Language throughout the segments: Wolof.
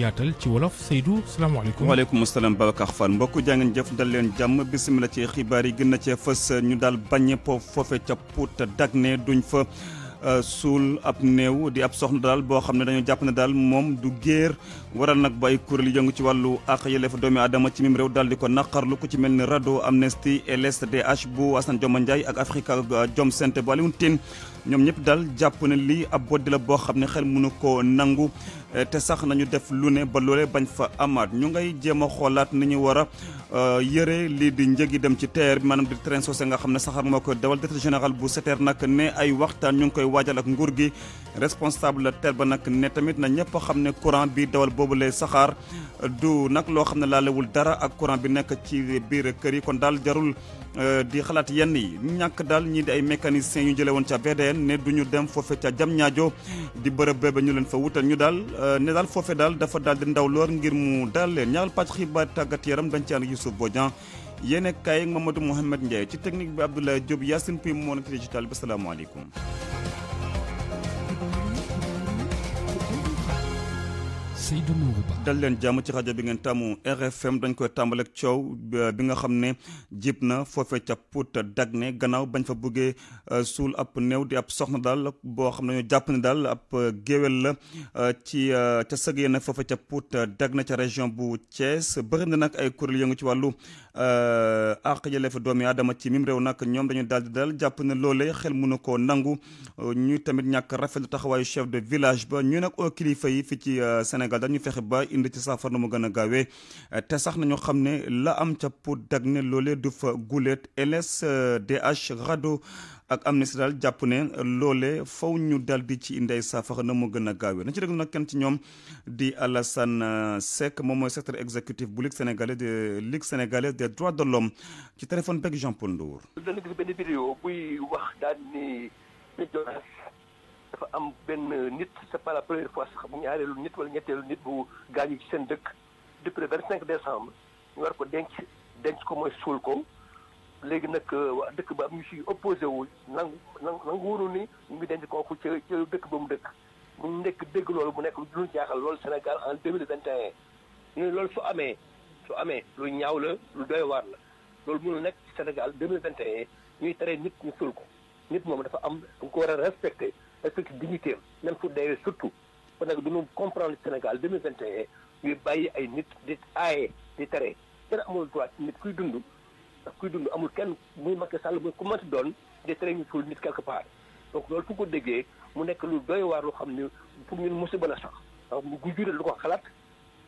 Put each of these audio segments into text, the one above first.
yaatal ci wolof Seydou salaamaaleykum. waaleykum salaam Babacar Fall mbokk jàngeen jëf dal leen jàmm bisimilah ci xibaar yi gën na cee fës ñu daal bañ foofe ca Pout Dagné duñ fa. Euh, suul ab néew di ab soxna daal boo xam ne dañoo jàpp ne daal moom du géer waral nag ba ay kuréel yëngu ci wàllu àq yelleef doomi aadama ci mim réew daal di ko naqarlu ko ci mel ni RADDHO Amnesty LSDH bu Assane Dioma Ndiaye ak Africa euh, Jom Center bu Alioune Tine ñoom ñëpp daal jàpp te sax nañu def lu ne ba loolee bañ fa amaat ñu ngay jéem a xoolaat ni ñu war a euh, yëre lii di njëgi dem ci TER bi maanaam di train sosé nga xam ne saxaar moo ko dawal directeur général bu SETER nag ne ay waxtaan ñu ngi koy waajal ak nguur gi responsable TER ba nag ne tamit na ñëpp xam ne courant bi dawal boobu lay saxaar du nag loo xam ne laalewul dara ak courant bi nekk ci biir kër yi kon daal jarul euh, di xalaat yenn yi ñàkk daal ñii di ay mécaniciens yu jëlee woon ca VDN ne duñu dem ca jam ñaajo di bërëb bébé leen fa wutal ñu daal Euh, ne daal foofe daal dafa daal ndaw loor ngir mu daal leen ñaareel pàcc xibaar tàggat yaram dañ ci ànd Youssouf Bodian yéen kaay ak Mamadou Mouhamed Ndiaye ci technique bi Abdoulaye Diop Yacine Pouy moo nekk digital bi salaamaaleykum. Seydou Nourou Ba. dal leen jàmm ci rajo bi ngeen tàmmu RFM dañ koy tàmbaleeg coow bi nga xam ne jib na foofe ca Pout ne gannaaw bañ fa buggee euh, suul ab néew di ab soxna daal boo xam ne ñoo jàpp ne daal ab euh, géwél la euh, ci ca sëg yi nag foofee ca Pout Dagné ca région bu Thiès bëri na nag ay kuréel yëngu ci wàllu àq yelleefu doomi aadama ci mim réew nag ñoom dañu daal di daal jàpp ne loole xel mënu ko nangu ñuy tamit ñàkk rafetlu taxawaayu chef de village ba ñu nag kilifa yi Sénégal. Sénégal dañu fexe ba indi ci saafara na mu gën gaawee te sax nañu xam ne la am ca Pout Dagné loolee du fa guléet LSDH RADDHO ak am Amnesty daal jàpp ne loole faw ñu dal di ci indi ay saafara na mu gën a gaawee na ci déglu nag kenn ci ñoom di Alassane Seck moom mooy secrétaire exécutif bu Ligue sénégalaise de Ligue sénégalaise de droits de l'homme ci téléphone beeg Jean Paul Ndour. wax daal dafa am benn nit c'est pas la première fois sax bu ñaareelu nit wala ñetteelu nit bu gaañu ci seen dëkk depuis le vingt cinq décembre ñu war ko denc denc ko mooy suul ko léegi nag euh, waa dëkk ba am ñu si opposé wu nangu nangu wóorul ni ñu ngi denc kooku ci ci dëkk ba mu dëkk mu nekk dégg loolu mu nekk lu jaaxal loolu Sénégal en deux mille vingt un ñu ne loolu su amee su amee lu ñaaw la lu doy waar la loolu mënul nekk Sénégal deux mille vingt et un ñuy tere nit ñu suul ko nit moom dafa am da nga ko war a respecté respecte dignité am même su deewee surtout kon nag du ñu comprendre Sénégal 2021 ñuy bàyyi ay nit di aaye di tere kenn amul droit nit kuy dund ndax kuy dund amul kenn muy Macky Sall muy ku mënti doon di tere ñu suul nit quelque part donc loolu fu ko déggee mu nekk lu doy waar loo xam ni pour ñun musiba la sax. waaw mu guy lu ko xalaat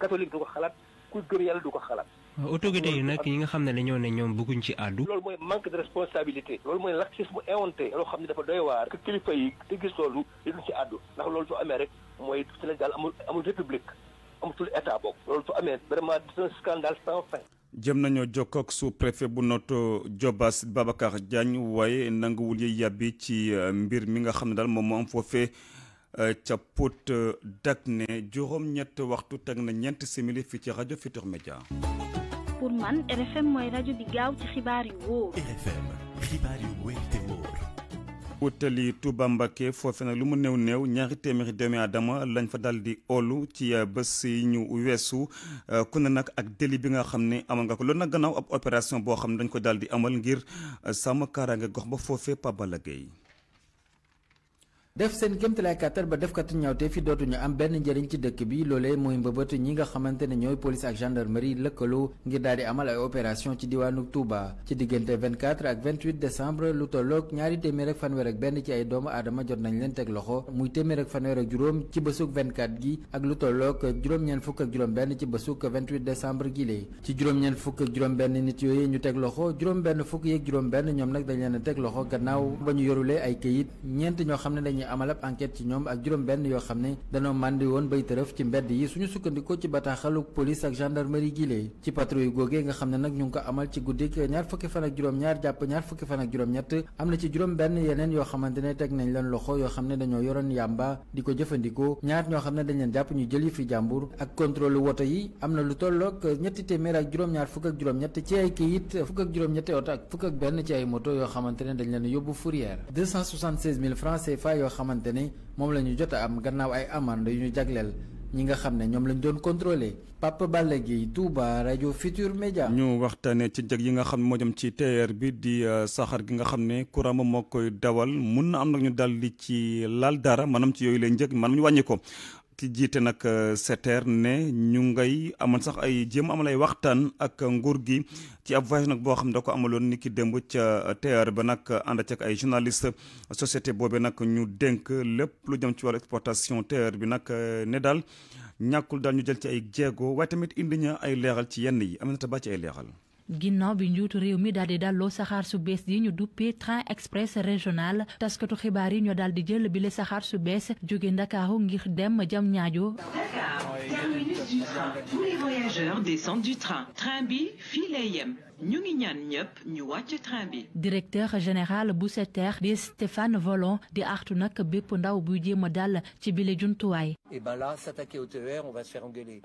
catholique du ko xalaat kuy gëm yàlla du ko xalaat. Euh, autorité yi nag ñi nga xam ne dañoo ne ñoom bëgguñ ci àddu. loolu mooy manque de responsabilité. loolu mooy laxisme éhonté. loo xam ne dafa doy te gis loolu di duñ ci àddu ndax loolu su amee rek mooy Sénégal amul amul république amatul état bokk. loolu su amee vraiment c'est un scandale jëm nañoo jokkoo ak sous-préfet bu Notto Diobass Babacar Diagne waaye nanguwul yi yàbbi ci euh, mbir mi nga xam ne daal moom moo am foofee euh, ca Pout Dagné juróom-ñett waxtu teg na ñeent simili fii ci rajo Futurs Médias. pour man RFM utali Touba foofe nag lu mu néew néew ñaari téeméeri doomi aadama lañ fa dal di oolu ci euh, bés yi ñu weesu euh, kun ne nag ak déli bi nga xam ne amal nga ko loolu nag gannaaw ab opération boo xam ne dañ ko daal di amal ngir euh, sàmm kaaraange gox ba foofe Pabal Gueye def seen kéemtalaay kàttan ba defkatu ñaawte fi dootuñu am benn njëriñ ci dëkk bi loolee mooy mbëbët ñi nga xamante ne ñooy police ak gendarmerie lëkkaloo ngir daal di amal ay opération ci diwaanu Touba ci diggante 24 ak 28 lu tolloog ñaari téeméer fanweer ak benn ci ay doomu aadama jot nañ leen teg loxo muy téeméer ak fanweer ak juróom ci bësug 24 gi ak lu tolloog juróom-ñeent fukk ak juróom-benn ci bësug 28 décembre gi lee ci juróom-ñeent fukk ak juróom-benn nit yooyu ñu teg loxo juróom-benn fukk yeeg benn ñoom nag dañ leen teg loxo gannaaw ba ñu amal ab enquête ci ñoom ak juróom benn yoo xam ne danoo màndi woon bay tërëf ci mbedd yi suñu sukkandikoo ci bataaxalu police ak gendarmerie gilée ci patrouille googee nga xam ne nag ñu ngi ko amal ci guddik ñaar fukki fan ak juróom-ñaar jàpp ñaar fukki fan ak juróom-ñett am na ci juróom benn yeneen yoo xamante ne teg nañ leen loxo yoo xam ne dañoo yoroon yàmba di ko jëfandikoo ñaar ñoo xam ne dañ leen jàpp ñu jël yi fi jàmbur ak contrôle woto yi am na lu tolloog ñetti téeméer ak juróom-ñaar fukk ak ñett ci ay kayit fukk ak juróom-ñetti oto ak fukk benn ci ay yoo xamante ne dañ leen yóbbu fourrière 276 xamante ni moom la ñu jot a am gannaaw ay amande yu ñu jagleel ñi nga xam ne ñoom lañ doon contrôlé Papa Balla Guèye tuuba rajo Futur Média. ñu waxtaanee ci jag yi nga xam ne moo jëm ci TER bi di euh, saxaar gi nga xam ne courant moom moo koy dawal mun na am nag ñu dal di ci laal dara maanaam ci yooyu lay njëg maanaam ñu wàññi ko. ki jiite nag euh, SETER ne ñu ngay amal sax ay jéem amal ay waxtaan ak nguur gi ci ab voyage nag boo xam ne da ko amaloon ni ki démb ca euh, TER ba nag ànd ak ay journaliste société boobee nag ñu dénk lépp lu jëm ci wàllu exploitation TER bi nag euh, ne daal ñàkkul daal ñu jël ci ay jéego waaye tamit indi ña ay leeral ci yenn yi am na tabaat ci ay leeral. ginnaaw bi njiitu réew mi daal di dalloo saxaar su bees yi ñu duppee train express régional taskatu xibaar yi ñoo daal di jël bile saxaar su bees jóge ndakaaru ngir dem jam ñaajo ñu ngi ñaan ñëpp ñu wàcc train bi. directeur général bu SETER di Stéphane Volon di artu nag bépp ndaw bu jéem a dal ci bile jumtuwaay.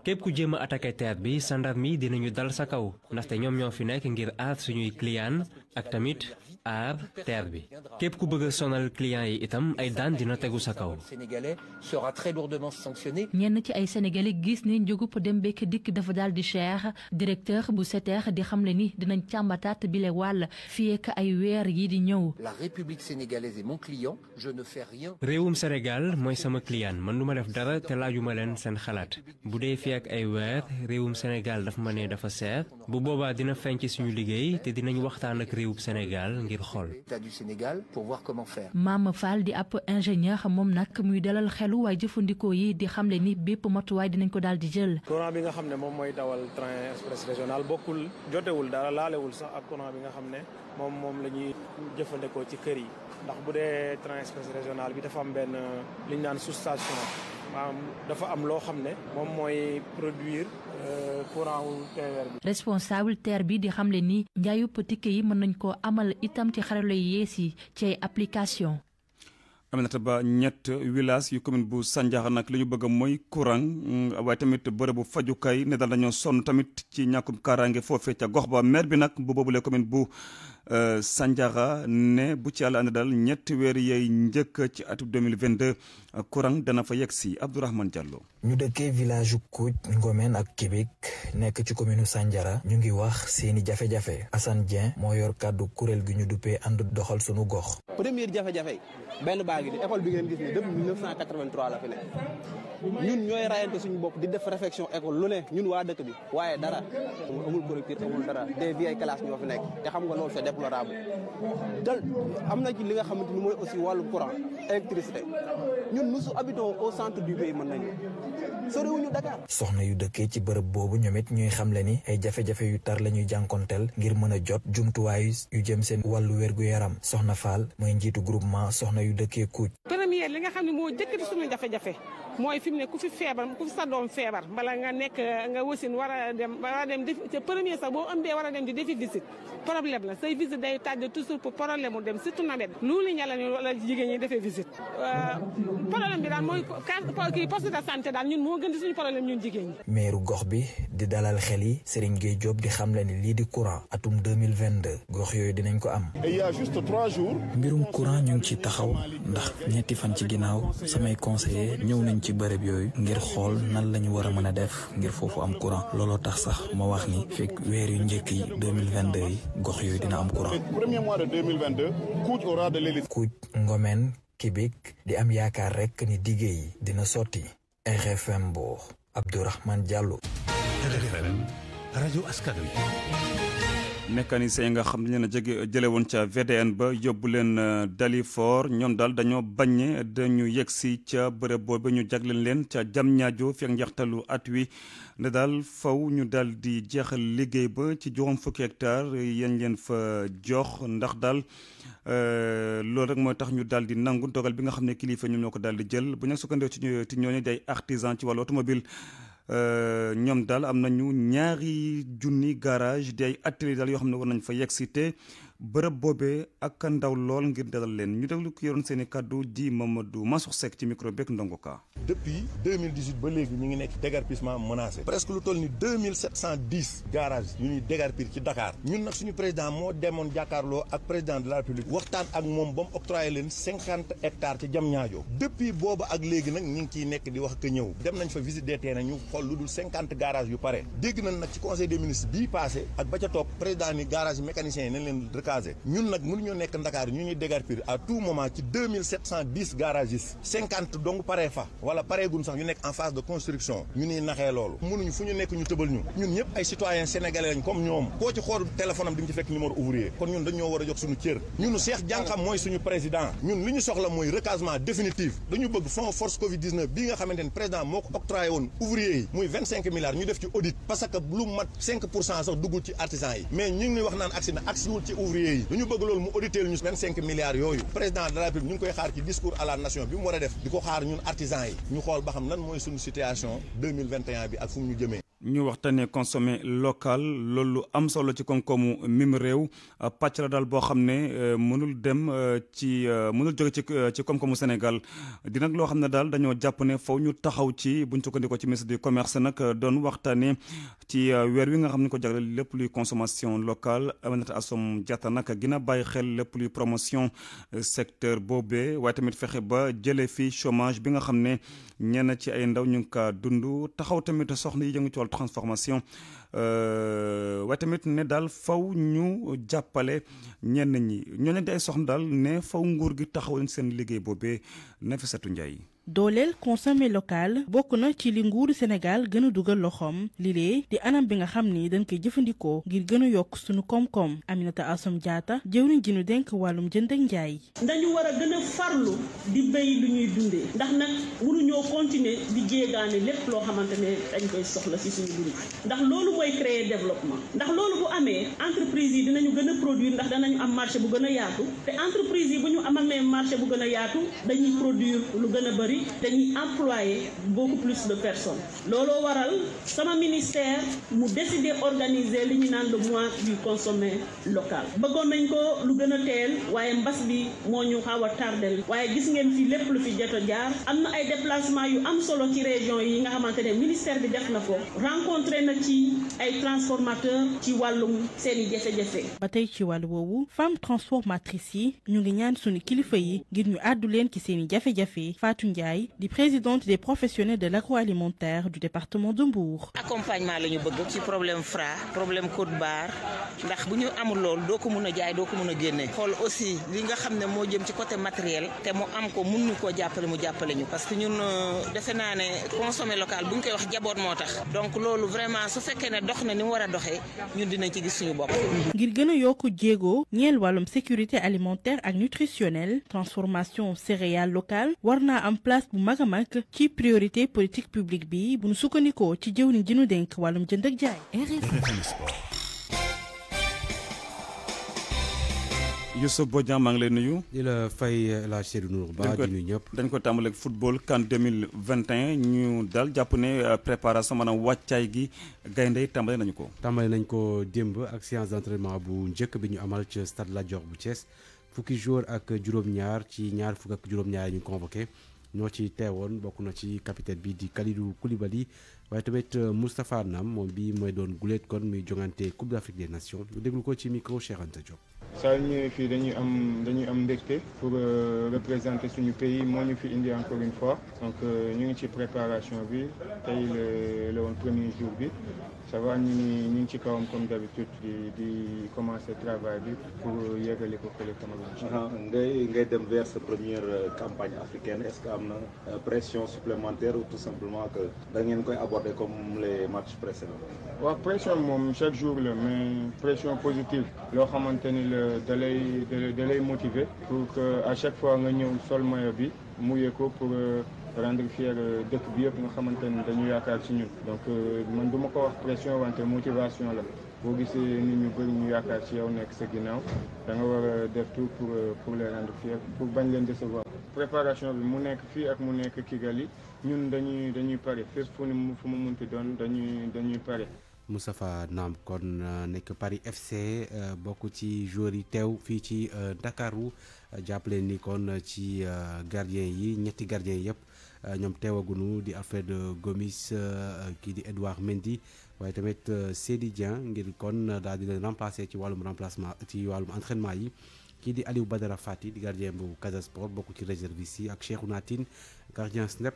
képp ku jéem a attaqué TER bi sandar mi dinañu dal sa kaw ndaxte ñoom ñoo fi nekk ngir aar suñuy client ak tamit aar terre bi képp ku bëgg a sonal client yi itam ay daan tegu sa kaw. ñenn ci ay sénégalais gis ne njëgub dem bekk dikk dafa daal di cher directeur bu SETER di xamle ni dinañ càmbataat bile wàll fii ak ay weer yi di ñëw. la république sénégalaise est mon client je ne fais rien. réewum Sénégal mooy sama client man du ma def dara te laajuma leen seen xalaat bu dee fii ak ay weer réewum Sénégal dafa ma ne dafa seer bu boobaa dina fenc ci suñu liggéey te dinañu waxtaan ak réewum Sénégal. ngir xool. du Sénégal pour voir comment faire. Mame Fall di ab ingénieur moom nag muy dalal xelu waaye jëfandikoo yi di xamle ni bépp matuwaay dinañ ko daal di jël. courant bi nga xam ne moom mooy dawal train express régional bokkul jotewul dara laalewul sax ak courant bi nga xam ne moom moom la ñuy jëfandikoo ci kër yi ndax bu dee train express régional bi dafa am benn li ñu naan sous-station. maanaam dafa am loo xam ne moom mooy produire euh, courant wu TER bi. di xam bi di xamle ni njaayub ticket yi mën nañ koo amal itam ci xarala yu yees yi application am na te Ba ñett village yu commune bu Sandiara nag li ñu bëgg mooy courant mm, waaye tamit bërëbu fajukaay ne daal dañoo sonn tamit ci ñàkkum kaaraange foofee ca gox ba maire bi nag bu boobulee commune bu Euh, Sandiara ne bu ci yàlla ànd daal weer yay njëkk ci atum 2022 courant dana fa yegg si Abdourahmane Diallo. ñu dëkkee village Kouj Ngomen ak Kébik nekk ci commune Sandiara ñu ngi wax seeni jafe-jafe Assane Dieng moo yor kàddu kuréel gi ñu duppee ànd doxal sunu gox. première jafe-jafe benn baa ngi ni école bi ngeen gis ne depuis 1983 la fi ne ñun ñooy rayante suñu bopp di def réflexion école lu ne ñun waa dëkk bi waaye dara amul amul dara des dal am na ci li nga xamante ni mooy aussi wàllu courant électricité ñun nous habitons au centre du pays mën nañu soriwuñu Dakar. soxna yu dëkkee ci bërëb boobu ñoom it ñuy xamle ni ay jafe-jafe yu tar lañuy ñuy jànkonteel ngir mën a jot jumtuwaay yu jëm seen wàllu wérgu yaram soxna Fall mooy njiitu groupement soxna yu dëkkee Kuuj. première li nga xam ne moo jëkkati suñu jafe-jafe. mooy fi mu ne ku fi feebar ku fi sa doom feebar bala nga nekk nga wasin war a dem war dem te premier sax boo ëmbee war a dem di defi visite problème la say visite day tàjj toujours pour problème mu dem surtout nawet loolu euh, bi daal mooy kii poste de santé daal ñun moo gën di suñu problème ñun jigéen ñi meeru gox bi di dalal xel yi Serigne Gueye Diop di xam le ni lii di courant atum 2022 gox yooyu dinañ ko am mbirum courant ñu ngi ci taxaw ndax ñetti fan ci ginnaaw samay conseiller ñëw nañ ci bërëb yooyu ngir xool nan lañu ñu war a mën a def ngir foofu am courant looloo tax sax ma wax ni fekk weer yu njëkk yi 2022 yi gox yooyu dina am courant. premier mois de Kibik di am yaakaar rekk ni dige yi dina sotti RFM Mbour Abdourahmane Diallo. RFM rajo mécanicien yi nga xam ne leen a jege jële woon ca VDN ba yóbbu leen euh, Dalifort ñoom daal dañoo baññe dañu yegg si ca bërëb boobu ñu jagleen leen ca jam ñaajo fi ak njaxtalu at wi ne daal faw ñu daal di jeexal liggéey ba ci juróom fukki hectare yéen leen fa jox ndax daal euh, loolu rek mooy tax ñu daal di nangu dogal bi nga xam ne kilifa ñoom ñoo ko daal di jël bu ñu sukkandee ci ñooñu day artisan ci wàllu automobile Euh, ñoom daal am nañu ñaari junni garage di ay daal yoo xam ne war nañ fa yegg si te bërëb boobee ak ndaw lool ngir dalal leen ñu déglu ko yoroon seen i kàddu di Mamadou Mansour Seck ci micro beeg Ndongo Ka. depuis ba léegi ñu ngi nekk dégarpissement menacé presque lu toll ni 2710 garages yu ñuy dégarpir ci Dakar ñun nag suñu président moo demoon jàkkaarloo ak président de la République waxtaan ak moom ba mu octroyé leen 50 hectares ci Diamniadio depuis booba ak léegi nag ñu ngi ciy nekk di wax ak ñëw dem nañ fa visite des terrains ñu xool lu dul 50 garages yu pare caser nekk Ndakaar ñu ñuy dégarpir à tout moment ci deux cinquante donc pare fa wala pareegun sax ñu nekk en phase de construction ñu niy naxee loolu mënuñu fu ñu nekk ñu tëbal ñu ñun ñu soxla mooy recasement définitif dañu bëgg force covid 19 bii nga xamante ne président moo ko octroyé woon ouvrier yi muy milliards ñu def ci audit parce lu mat sax duggul ci artisan yi mais ñu ngi wax naan agsi na agsiwul ci ouvrier ouvrier yi dañu bëgg loolu mu auditer ñu vingt cinq milliards yooyu président de la République ñu ngi koy xaar ci discours à la nation bi mu war def di ko xaar ñun artisans yi ñu xool ba xam lan mooy suñu situation bi ak fu mu ñu jëmee ñu waxtaanee consommé local loolu am solo ci koom-koomu mim réew pàcc la daal boo xam ne euh, mënul dem euh, ci euh, mënul jóge ci ci koom Sénégal dina loo xam ne daal dañoo jàpp ne faw ñu taxaw ci buñ sukkandikoo ci ministre du commerce nag doon waxtaanee ci weer wi nga xam ne ko jagleel lépp luy consommation local Aminata Assome Diatta nag gën a bàyyi xel lépp luy promotion secteur boobee waaye tamit fexe ba jëlee fi chômage bi nga xam ne ñenn ci ay ndaw ñu ngi kaa dund taxaw tamit soxna yi yëngu ci transformation euh, waaye tamit ne daal faw ñu jàppale ñenn ñi ñooñu di ay soxna daal ne faw nguur gi taxaw seen liggéey boobee Nafissatou Ndiaye dooleel consommé local bokk na ci li nguuru Sénégal gën a dugal loxoom lilee di anam bi nga xam ni dañ koy jëfandikoo ngir gën a yokk suñu koom-koom Aminata Assome jaata jëwriñ ji ñu dénk wàllum jënd ak njaay. dañu war a gën a farlu di béy lu ñuy dundee ndax nag mënuñoo continuer di jéegaane lépp loo xamante ne dañ koy soxla ci suñu dund ndax loolu mooy créer développement ndax loolu bu amee entreprise yi dinañu gën a produire ndax danañu am marché bu gën a yaatu te entreprise yi bu ñu amamee marché bu gën a yaatu dañuy produire lu gën a bëri aujourd'hui dañuy employer beaucoup plus de personnes looloo waral sama ministère mu décider organiser li ñu naan le mois du consommé local bëggoon nañ ko lu gën a teel waaye mbas bi moo ñu xaw a tardel waaye gis ngeen fi lépp lu fi jot a jaar am na ay déplacement yu am solo ci région yi nga xamante ne ministère bi def na ko rencontré na ci ay transformateur ci wàllum seeni jafe-jafe ba tey ci wàllu woowu femme yi ñu seeni jafe-jafe Fatou Ndiaye Ndiaye di présidente des professionnels de l'agroalimentaire du département de Mbour. accompagnement la ñu bëgg ci problème Fra problème code barre ndax bu ñu amul lool doo ko mun a jaay doo ko mun a génne. xool aussi li nga xam ne moo jëm ci côté matériel te mu am ko mun ñu koo jàppale mu jàppale ñu parce que ñun euh, defe naa ne consommer local bu ñu koy wax jaboot moo tax donc loolu vraiment su fekkee ne dox na ni mu war a doxee ñun dinañ ci gis suñu bopp. ngir gën yokk jéego ñeel wàllum sécurité alimentaire ak nutritionnelle place bu a mag ci priorité politique publique bi bu sukkandikoo ci jëwriñ ji nu dénk wàllum jënd ak jaay. Youssouf Bodian maa ngi lay nuyu. di fay la Seydou Nour Ba ñëpp. dañ ko tàmbaleeg football CAN 2021 ñu daal jàpp ne euh, préparation maanaam wàccaay gi gaynde tàmbale nañu ko. tàmbale nañ ko démb ak séance d'entraînement bu njëkk bi ñu amal ci stade Lat bu Thiès fukki joueur ak juróom-ñaar ci ñaar fukk ak juróom-ñaar ñu convoqué. ñoo ci teewoon bokk na ci capitaine bi di kuliba Koulibaly waaye tamit euh, Moustapha Nam moom bi mooy doon guléet kon muy jongante Coupe d'Afrique des Nations ñu déglu ko ci micro Cheikh Anta Diop saa ñu ñëwee fii dañuy am dañuy am mbégte pour euh, représenter suñu pays moo ñu fi indi encore une fois donc euh, ñu ngi ci préparation bi tey la la woon premier jour bi ça va ñu ngi ñu ngi ci kawam comme d'habitude di di commencer travail bi pour yeggale ko fële Cameroun. Ah, ngay dem vers sa première euh, campagne africaine est-ce que am na pression supplémentaire ou tout simplement que da ngeen koy aborder comme les matchs précédents. pression la pression positive loo xamante da lay da lay motiver pour que à chaque fois nga ñëw sol maillot bi muyee ko pour euh, rendre fier euh, dëkk bi yëpp nga xamante ni dañu yaakaar ci ñun donc euh, man du ma ko wax pression wante motivation la boo gisee nit ñu bëri ñu yaakaar ci yow nekk sa ginnaaw da nga war a def tout pour pour les rendre fier pour bañ leen décevoir. préparation bi mu nekk fii ak mu nekk Kigali ñun dañuy pare fépp fu mu fu mu munti doon dañuy pare. Moustapha Naam kon euh, nekk Paris FC euh, bokk ci joueurs yi teew fii ci euh, Ndakaaru jàppale ni kon ci gardien yi ñetti gardien yëpp ñoom teewagunu di Alfred Gomis kii di Edouard Mendy waaye tamit di Dieng ngir kon daal di leen remplacer ci wàllum remplacement ci wàllum entraînement yi kii di Aliou Badara Fati di gardien bu Casa Sport bokk ci réserviste yi ak Cheikhouna Tine gardien snap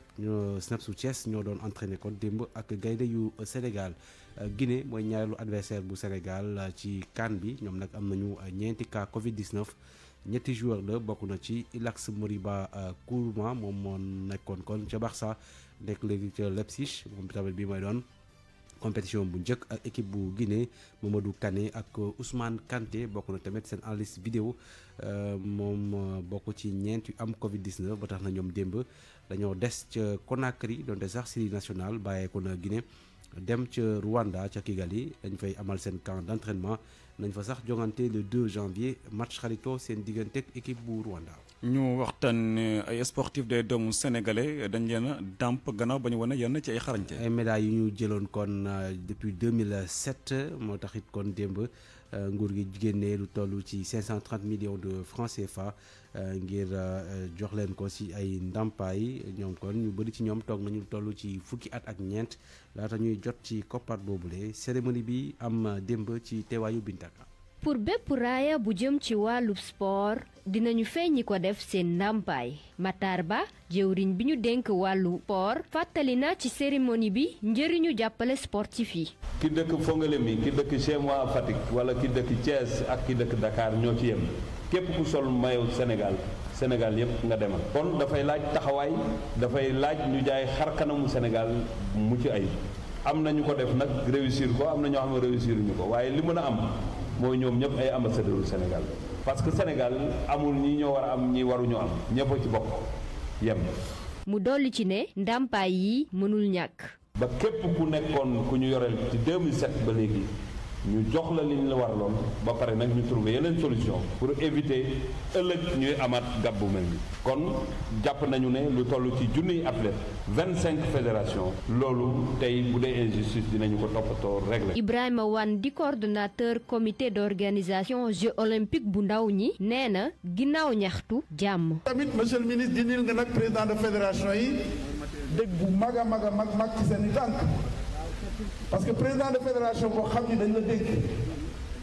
snap su ñoo doon entraîné kon démb ak gaynde yu Sénégal. Euh, Guinée mooy ñaareelu adversaire bu Sénégal euh, ci CAN bi ñoom nag am nañu euh, ñeenti cas Covid 19. ñetti joueur la bokk na ci Ilax Moriba Kourma moom moo nekkoon kon ca Barça nekk léegi ca Leipzig moom tamit bi mooy doon compétition bu njëkk ak équipe bu Guinée Mamadou Kane ak Ousmane Kanté bokk na tamit seen analyse vidéo moom bokk ci ñeenti am Covid 19 ba tax na ñoom démb dañoo des ca Conakry donte sax série national bàyyeeku na Guinée. dem ca Rwanda ca Kigali dañ fay amal seen camp d'entraînement nañ fa sax jongante le 2 janvier match xarito seen diggante digganteeg équipe bu Rwanda. ñu waxtaan euh, ay sportif des doomu sénégalais dañ leen a dàmp gannaaw ba ñu wane yenn ci ay xarañte. ay médailles yu ñu jëloon kon euh, depuis 2007 moo taxit kon démb euh, nguur gi génnee lu tollu ci 530 millions de francs CFA. Euh, ngir euh, jox leen ko si ay ndàmpaay ñoom kon ñu bëri ci ñoom toog nañu toll ci fukki at ak ñeent laata ñuy jot ci boobu boobule cérémonie bi am euh, démb ci teewaayu Bintaka. pour bépp raaya bu jëm ci wàllu sport dinañu feeñ ñi ko def seen ndàmpaay Matar Ba jëwriñ bi ñu denk wàllu sport fàttali na ci cérémonie bi njëriñu jàppale sportif yi. ki dëkk Fongolemi ki dëkk Chemois Fatick wala ki dëkk Thiès ak ki dëkk Dakar ñoo ci yem. képp ku sol maillot Sénégal Sénégal yëpp nga demal kon dafay laaj taxawaay dafay laaj ñu jaay xar kanamu Sénégal mucc ayib am na ñu ko def nag réussir ko am na ñoo xam ne réussir ñu ko waaye li mën a am mooy ñoom ñëpp ay ambassadeur Sénégal parce que Sénégal amul ñi ñoo war a am ñi waruñu am ñëpp a ci bokk yem. mu dolli ci ne ndàmpaay yi mënul ñàkk. ba képp ku nekkoon ku ñu yoreel ci 2007 ba léegi. ñu jox la liñ la war ba pare nag ñu trouver yeneen solution pour éviter ëllëg ñuy amaat gab bu mel ni kon jàpp nañu ne lu toll ci junniy athlète vingt cinq fédération loolu tey bu dee injustice dinañu ko toppatoo régler Ibrahima Wane di coordonnateur comité d'organisation jeux olympiques bu ndaw ñi nee na ginnaaw ñaxtu jàmm tamit monsieur le ministre dindil nga nag président de fédération yi dëgg bu mag a mag a mag mag ci seen i tànk parce que président de fédération boo xam ni dañ la dégg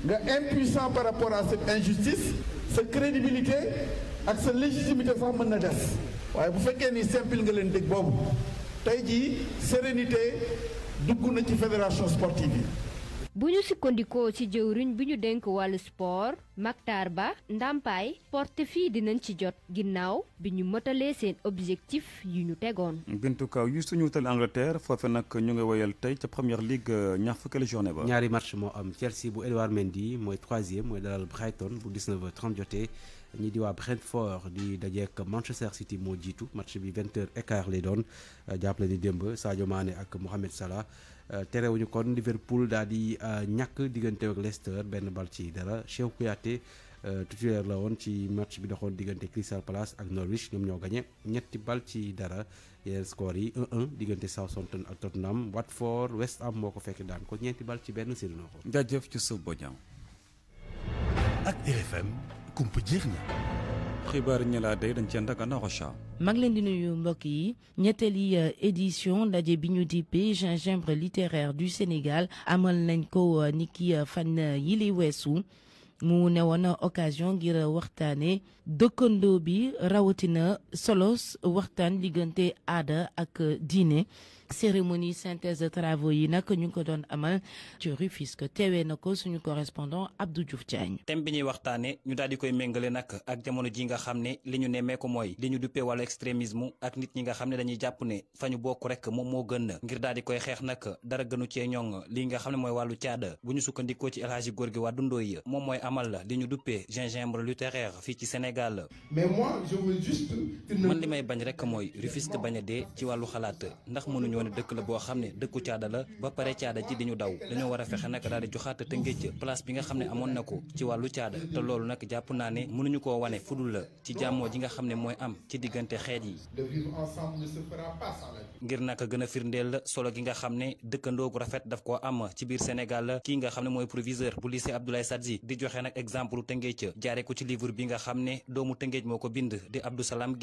nga impuissant par rapport à cette injustice sa crédibilité ak sa légitimité sax mën na des waaye bu fekkee ni simple nga leen dégg boobu tey jii sérénité dugg na ci fédération sportive yi bu ñu sukkandikoo ci jëwriñ bi ñu dénk wàllu sport Mactar Ba ndàmpaay porte fii dinañ ci jot ginnaaw bi ñu mëtalee seen objectif yu ñu tegoon. Bintu Kaw yu suñu wutal Angleterre foofe nag ñu ngi woyal tey ca première ligue euh, ñaar fukkeelu journée ba. ñaari match moo am Chelsea bu Edouard Mendy mooy troisième mooy dalal Brighton bu 19h30 jotee. ñi di waa Brentford di dajeek Manchester City moo jiitu match bi 20 heures écart lay doon euh, jàppale ni démb Sadio Mané ak Mohamed Salah Euh, terewuñu kon Liverpool daal di euh, ñàkk diggante ak benn bal ci dara Cheikhou Kouyaté euh, titulaire la woon ci match bi doxoon diggante Crystal Palace ak Norwich ñoom ñoo gañe ñetti bal ci dara yeneen score yi diggante 1 diggante Southampton ak Tottenham Watford West Ham moo ko fekk daan ko ñeenti bal ci benn si dunoo ko. jaajëf ci suuf boo ak RFM kumpa jeex na. xibaar ñi laa day dañ cee ndagana rocha mag leen di nuyu mbokk yi ñetteeli euh, édition ndaje bi ñu dippee gingembre littéraire du Sénégal amal nañ ko euh, niki euh, fan yi li weesu mu newoon occasion ngir waxtaane dëkkandoo bi rawatina solos waxtaan diggante aada ak diine cérémonie synthèse de travaux yi nag ñu ngi ko doon amal ci Rufisque teewee na ko suñu correspondant Abdou Diouf Diagne. thème bi ñuy waxtaane ñu daal di koy méngale nag ak jamono ji nga xam ne li ñu nemmee ko mooy li ñu duppee wàllu extrémisme ak nit ñi nga xam ne dañuy jàpp ne fa ñu bokk rek moom moo gën ngir daal di koy xeex nag dara gënu cee ñoŋ li nga xam ne mooy wàllu caada bu ñu sukkandikoo ci El Hadji Gorgui Wade Ndoye moom mooy amal li ñu duppee gingembre littéraire fii ci Sénégal. mais moi je veux juste. man li may bañ rek mooy Rufisque bañ a dee ci wàllu xalaat ndax ne dëkk la boo xam ne dëkku caada la ba pare caada ji di ñu daw dañoo war a fexe nag daal di joxaat Tëngéej place bi nga xam ne amoon na ko ci wàllu caada te loolu nag jàpp naa ne mënuñu koo wane fudul la ci jàmmoo ji nga xam ne mooy am ci diggante xeet yi ngir naka gën a firndeel solo gi nga xam ne dëkkandoo gu rafet daf koo am ci biir Sénégal kii nga xam ne mooy proviseur bu lycée Abdoulaye Sadji di joxe nag exemple Tëngéej ca jaare ko ci livre bi nga xam ne doomu Tëngéej moo ko bind di Abdou Salam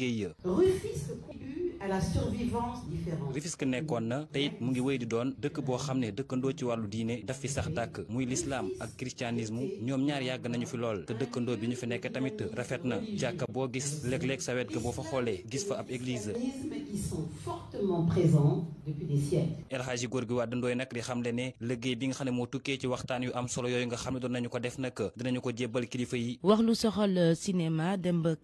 à la survivance différente. nekkoon na te mu ngi wéy di doon dëkk boo xam ne dëkkandoo ci wàllu diine daf fi sax dàkk muy lislaam ak christianisme ñoom ñaar yàgg nañu fi lool te dëkkandoo bi ñu fi nekk tamit rafet na jàkka boo gis léeg-léeg sa wet ga boo fa xoolee gis fa ab église. góor gi Gorgui Wade Ndoye nag di xamle ne liggéey bi nga xam ne moo tukkee ci waxtaan yu am solo yooyu nga xam ne doon nañu ko def nag dinañu ko jébbal kilifa yi. wax lu soxal cinéma dem ba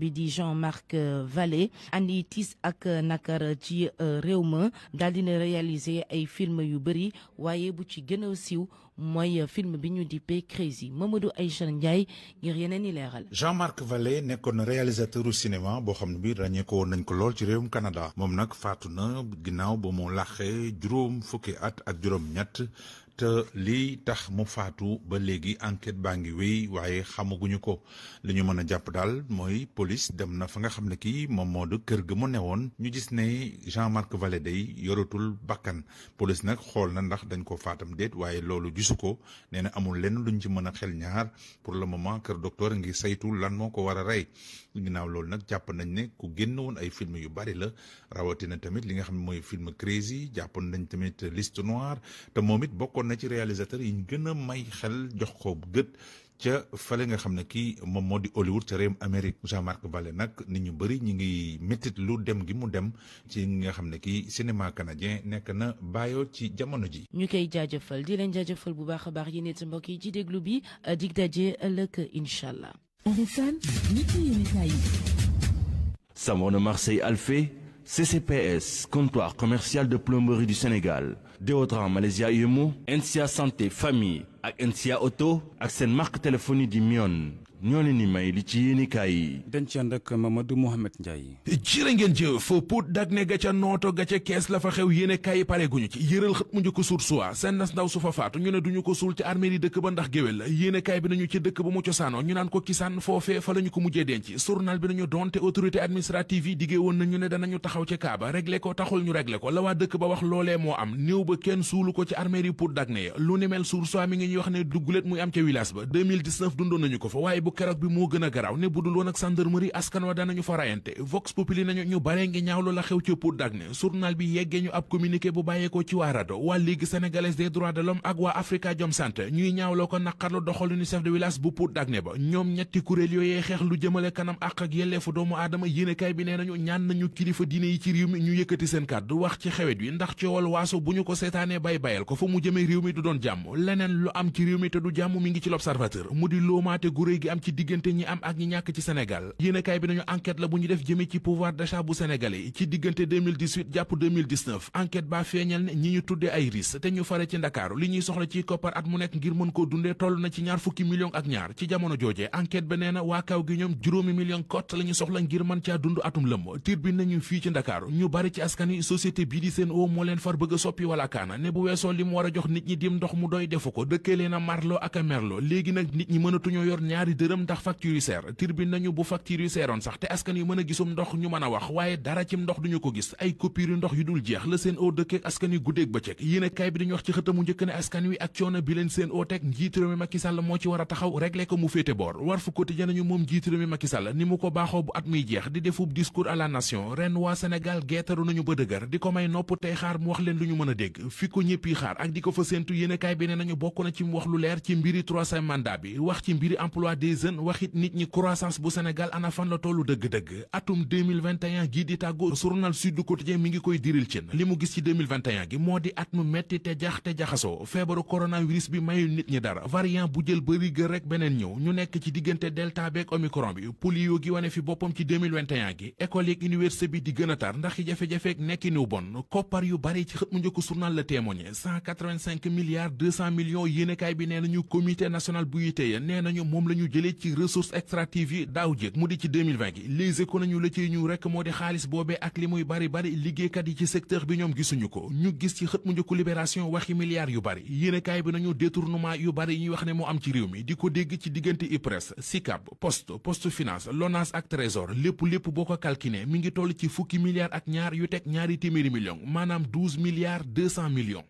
bi di Jean-Marc euh, Vallée andi tiis ak euh, nakar ci euh, réew ma daal na réaliser ay film yu bëri waaye bu ci gën a siiw mooy film bi ñu dippee Crazy Mamadou Aïcha Ndiaye ngir yeneen i leeral. Jean-Marc Vallée nekkoon réalisateur u cinéma boo xam ne bii ràññee ko nañ ko lool ci réewum Canada moom nag faatu na ginnaaw ba moo laaxee juróom fukki at ak juróom ñett. te lii tax mu faatu ba léegi enquête baa ngi wéy waaye xamaguñu ko li ñu mën a jàpp daal mooy police dem na fa nga xam ne kii moom moo di kër ga mu woon ñu gis ne Jean-Marc Vallé day yoratul bakkan police nag xool na ndax dañ ko faatam déet waaye loolu gisu ko nee na amul lenn lu luñ ci mën a xel ñaar pour la moment kër docteur ngi saytu lan moo ko war a rey ginnaaw loolu nag jàpp nañ ne ku génn woon ay film yu bari la rawatina tamit li nga xam ne mooy film Crazy jàppoon nañ tamit liste noire na ci réalisateur yi ñu gën a may xel jox ko gët ca fale nga xam ne kii moom moo di Hollywood ca réewum Amérique Jean-Marc Vallée nag nit ñu bëri ñu ngi méttit lu dem gi mu dem ci nga xam ne kii cinéma canadien nekk na bàyyoo ci jamono ji. ñu koy jaajëfal di leen jaajëfal bu baax a baax yéen it mbokk yi ci déglu bi dig daje ëllë incha allah. Savon de Marseille Alphée CCPS comptoir commercial de plomberie du Sénégal. déodorant Malaysia Umo NCA santé famille ak NCA auto ak seen marque téléphone yi di Mion ñoo leen ni may li ci yéenikaay yi dañ ci ànd ak Mamadou Mouhamed Ndiaye jërë ngeen jëf pot dag ne ga ca nooto ga ca kees la fa xew yéenekaay yi pare guñu ci yëral xët mu njëkk suur suwa seen ndaw su fa faatu ñu ne duñu ko suul ci armée dëkk ba ndax géwél la yéenekaay bi nañu ci dëkk ba mu cosaanoo ñu naan ko kisaan foofee fa la ñu ko mujjee denc journal bi nañu donte autorité administrative yi diggée woon nañu ne danañu taxaw ci kaaba réglé ko taxul ñu réglé ko la waa dëkk ba wax loolee moo am néew bu keroog bi moo gën a garaaw ne bu dul woon ak gendarmerie askan wa danañu fa rayante vox populi nañu ñu bare ngi ñaawlu la xew ci Pout Dagné journal bi yeggee ñu ab communiqué bu bàyyeekoo ci waa RADDHO waa Ligue sénégalaise des droits de l'homme ak waa Africa Jom Center ñuy ñaawloo ko naqarlu doxalinu chef de village bu Pout Dagné ba ñoom ñetti kuréel yooyee xeex lu jëmale kanam àq ak yelleefu doomu aadama yéenekaay bi nee nañu ñaan nañu kilifa diine yi ci réew mi ñu yëkkati seen kàddu wax ci xewet wi ko seetaanee bay bayal ko fa mu jëmee mi du doon jàmm leneen lu am ci réew mi ngi ci l'observateur ci diggante ñi am ak ñi ñàkk ci Sénégal yéenekaay bi nañu enquête la bu ñu def jëmee ci pouvoir d'achat bu sénégalais ci diggante 2018 jàpp 2019 enquête baa feeñal ne ñi ñu tuddee ay RIS te ñu fare ci Ndakaaru li ñuy soxla ci koppar at mu nekk ngir mën ko dundee toll na ci ñaar fukki millions ak ñaar ci jamono jooje enquête ba nee na waa kaw gi ñoom juróomi millions kott la soxla ngir mën caa dund atum lëmm tiir bi nañu fii ci Ndakaaru ñu bari ci askan yi société di Sen'Eau moo leen far a soppi weesoo li mu a jox nit ñi dim ndox mu doy defu ko dëkkee leen a a merloo léegi nag nit ñi mënatuñoo yor ñaari dërëm ndax moo ci war a taxaw régler ko mu féete boor war fu quotidien nañu moom njiit réew ni mu ko baaxoo bu at muy jeex di defub discours à la ren waa Sénégal geetaru nañu ba dëgër di ko may nopp tey xaar mu wax leen lu ñu mën a dégg fi ko ñëpp xaar ak di ko fa séentu yéenekaay bi ne nañu bokk na ci mu wax lu leer ci mbiri troisième mandat bi wax ci mbiri emploi Citizen waxit nit ñi croissance bu Sénégal ana la tollu dëgg-dëgg atum 2021 di tàggu journal Sud Quotidien mi ngi koy diril cin li mu gis ci 2021 gi moo di at mu metti te jax te jaxasoo feebaru coronavirus bi mayul nit ñi dara variant bu jël bëri gër rek beneen ñëw ñu nekk ci diggante delta beeg omicron bi polio gi wane fi boppam ci 2021 gi école yeeg université bi di gën tar ndax jafe-jafeeg nekkinu bon koppar yu bari ci xët mu njëkk la témoigné 185 jëlee ci ressources extractives yi daaw jéeg mu di ci 2020 gi nañu la ciy ñu rekk moo di xaalis boobee ak li muy bari bari liggéeykat yi ci secteur bi ñoom gisuñu ko ñu gis ci xët mu njëkku libération waxi milliards yu bari yéenekaay bi nañu détournement yu bari yi ñuy wax ne moo am ci réew mi di ko dégg ci diggante IPRES SICAP post post finance LONASE ak trésor lépp lépp boo ko calculé mi ngi toll ci fukki milliards ak ñaar yu teg ñaari téeméeri millions maanaam 12 milliards 200 millions